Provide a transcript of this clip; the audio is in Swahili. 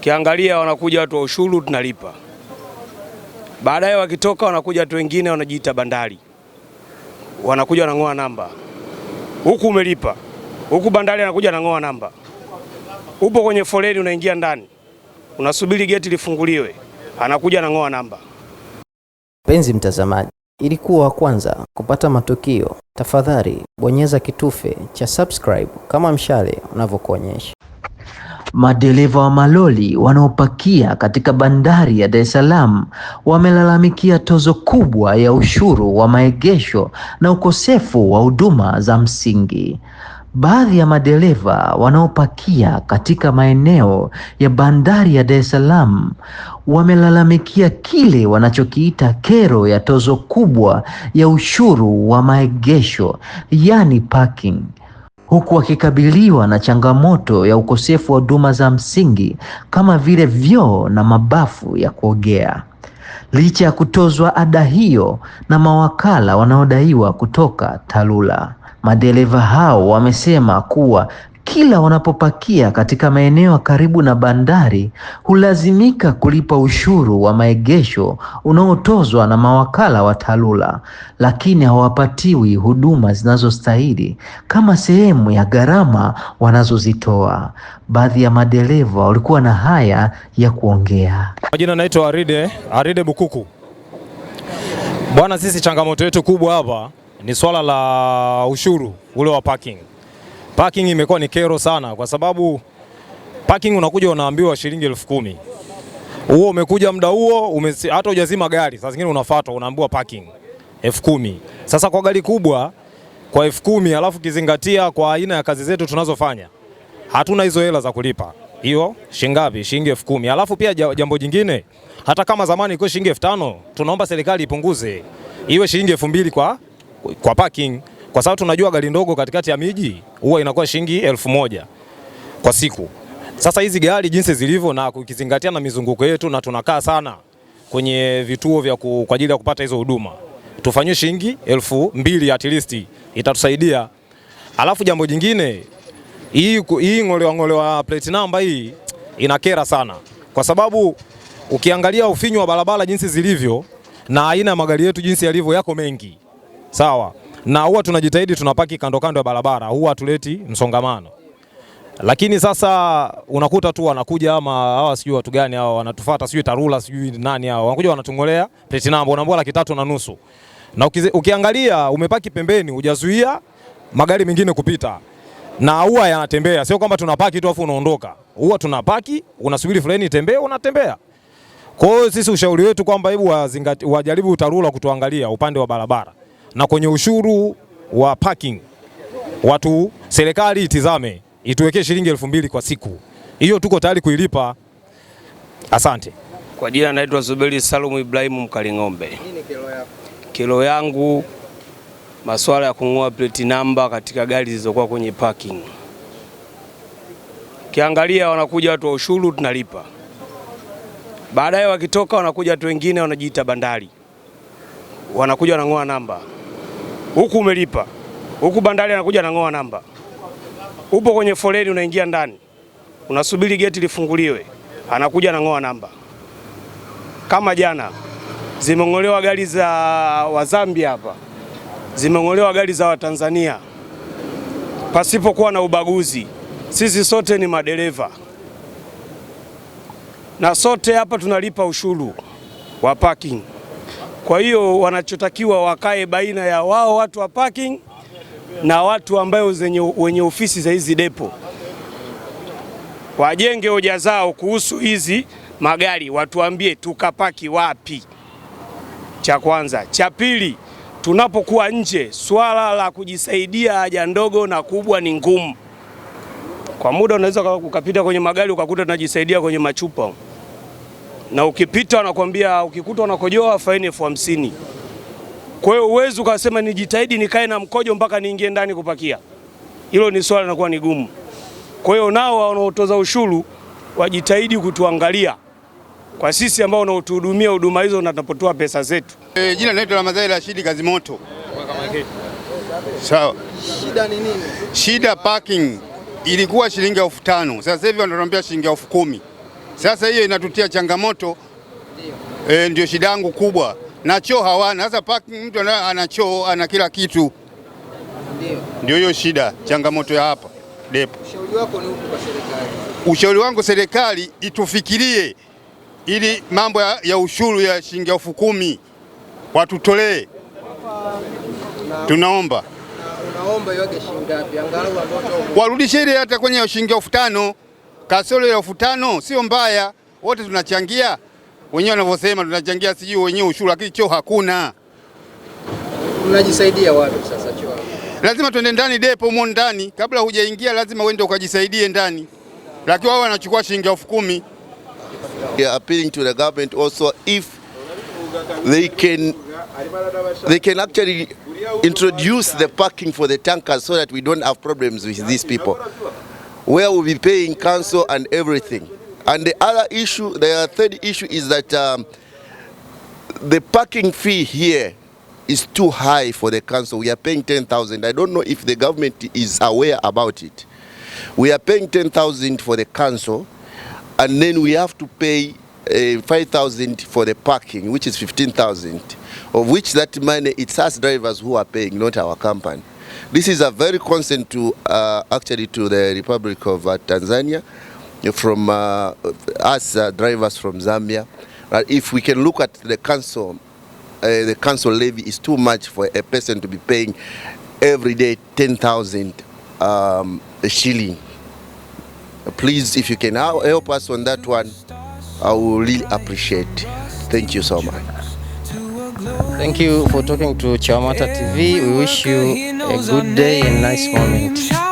Kiangalia wanakuja watu wa ushuru tunalipa, baadaye wakitoka wanakuja watu wengine wanajiita bandari, wanakuja wanang'oa namba, huku umelipa, huku bandari anakuja anang'oa namba, upo kwenye foleni, unaingia ndani, unasubiri geti lifunguliwe, anakuja anang'oa namba. Mpenzi mtazamaji, ili kuwa wa kwanza kupata matukio, tafadhali bonyeza kitufe cha subscribe kama mshale unavyokuonyesha. Madereva wa maloli wanaopakia katika bandari ya Dar es Salaam wamelalamikia tozo kubwa ya ushuru wa maegesho na ukosefu wa huduma za msingi. Baadhi ya madereva wanaopakia katika maeneo ya bandari ya Dar es Salaam wamelalamikia kile wanachokiita kero ya tozo kubwa ya ushuru wa maegesho, yani parking huku wakikabiliwa na changamoto ya ukosefu wa huduma za msingi kama vile vyoo na mabafu ya kuogea. Licha ya kutozwa ada hiyo na mawakala wanaodaiwa kutoka TARURA, madereva hao wamesema kuwa kila wanapopakia katika maeneo karibu na bandari hulazimika kulipa ushuru wa maegesho unaotozwa na mawakala wa TARURA, lakini hawapatiwi huduma zinazostahili kama sehemu ya gharama wanazozitoa. Baadhi ya madereva walikuwa na haya ya kuongea. Majina naitwa Aride, Aride Bukuku. Bwana, sisi changamoto yetu kubwa hapa ni swala la ushuru ule wa parking Parking imekuwa ni kero sana, kwa sababu parking unakuja unaambiwa shilingi elfu kumi huo umekuja muda huo hata hujazima gari, saa zingine unafuatwa unaambiwa parking elfu kumi. Sasa kwa gari kubwa kwa elfu kumi, alafu kizingatia kwa aina ya kazi zetu tunazofanya hatuna hizo hela za kulipa hiyo shingapi Shilingi elfu kumi. Alafu pia jambo jingine, hata kama zamani ilikuwa shilingi elfu tano tunaomba serikali ipunguze iwe shilingi elfu mbili kwa, kwa parking kwa sababu tunajua gari ndogo katikati ya miji huwa inakuwa shilingi elfu moja kwa siku. Sasa hizi gari jinsi zilivyo na kukizingatia na mizunguko yetu na tunakaa sana kwenye vituo vya ku, kwa ajili ya kupata hizo huduma tufanyie shilingi elfu mbili at least itatusaidia. Alafu jambo jingine hii, hii ng'olewa ng'olewa plate namba hii inakera sana, kwa sababu ukiangalia ufinyu wa barabara jinsi zilivyo na aina ya magari yetu jinsi yalivyo yako mengi, sawa na huwa tunajitahidi tunapaki kando kando ya barabara, huwa tuleti msongamano. Lakini sasa unakuta tu wanakuja ama hawa sijui watu gani hawa wanatufuata sijui Tarura sijui nani hawa wanakuja wanatungolea plate number, unaambia laki tatu na nusu, na ukiangalia umepaki pembeni, hujazuia magari mengine kupita na huwa yanatembea, sio kwamba tunapaki tu afu unaondoka. Huwa tunapaki, unasubiri fulani itembee, unatembea. Kwa hiyo sisi ushauri wetu kwamba hebu wajaribu Tarura kutuangalia upande wa barabara, na kwenye ushuru wa parking. Watu serikali itizame, ituwekee shilingi elfu mbili kwa siku, hiyo tuko tayari kuilipa. Asante. Kwa jina naitwa Zuberi Salumu Ibrahimu Mkaling'ombe. kilo yangu masuala ya kung'oa plate namba katika gari zilizokuwa kwenye parking. Kiangalia wanakuja watu wa ushuru tunalipa, baadaye wakitoka wanakuja watu wengine wanajiita bandari, wanakuja wanang'oa namba huku umelipa, huku bandari anakuja anang'oa namba, upo kwenye foleni, unaingia ndani, unasubiri geti lifunguliwe, anakuja anang'oa namba. Kama jana zimeng'olewa gari za Wazambia hapa, zimeng'olewa gari za Watanzania pasipokuwa na ubaguzi. Sisi sote ni madereva na sote hapa tunalipa ushuru wa parking. Kwa hiyo wanachotakiwa wakae baina ya wao watu wa parking na watu ambao wenye ofisi za hizi depo, wajenge hoja zao kuhusu hizi magari, watuambie tukapaki wapi, cha kwanza. Cha pili, tunapokuwa nje, swala la kujisaidia haja ndogo na kubwa ni ngumu. Kwa muda unaweza ukapita kwenye magari ukakuta tunajisaidia kwenye machupa na ukipita wanakwambia ukikuta unakojoa faini elfu hamsini. Kwa hiyo uwezi ukasema nijitahidi nikae na mkojo mpaka niingie ndani kupakia, hilo ni swala linakuwa ni gumu. Kwa hiyo nao wanaotoza ushuru wajitahidi kutuangalia kwa sisi ambao unaotuhudumia huduma hizo na tunapotoa pesa zetu. E, jina naitwa Ramadhani Rashidi Kazimoto. Sawa. Shida ni nini? Shida parking ilikuwa shilingi elfu tano. Sasa hivi wanatuambia shilingi elfu kumi. Sasa hiyo inatutia changamoto e, ndio shida yangu kubwa, na choo hawana. Sasa parking mtu ana choo ana kila kitu, ndio hiyo shida, changamoto ya hapa depo. Ushauri wako ni upi kwa serikali? Ushauri wangu serikali itufikirie ili mambo ya, ya ushuru ya shilingi elfu kumi watutolee, tunaomba warudishe ile hata kwenye shilingi elfu tano kasoro ya elfu tano sio mbaya, wote tunachangia wenyewe wanavyosema tunachangia, sijui wenyewe ushuru, lakini choo hakuna. Unajisaidia wapi sasa choo? Lazima tuende ndani depo mo ndani, kabla hujaingia lazima uende ukajisaidie ndani, lakini wao wanachukua shilingi elfu kumi. We are appealing to the government also if they can they can actually introduce the parking for the tankers so that we don't have problems with these people where we'll be paying council and everything. And the other issue, the third issue is that um, the parking fee here is too high for the council. We are paying 10,000. I don't know if the government is aware about it. We are paying 10,000 for the council and then we have to pay uh, 5,000 for the parking, which is 15,000, of which that money, it's us drivers who are paying, not our company. This is a very concern to uh, actually to the Republic of uh, Tanzania from uh, us uh, drivers from Zambia. Uh, if we can look at the council, uh, the council levy is too much for a person to be paying every day 10,000 um, shilling. Please, if you can help us on that one, I will really appreciate. Thank you so much. Thank you for talking to Chawamata TV. We wish you a good day and nice moment.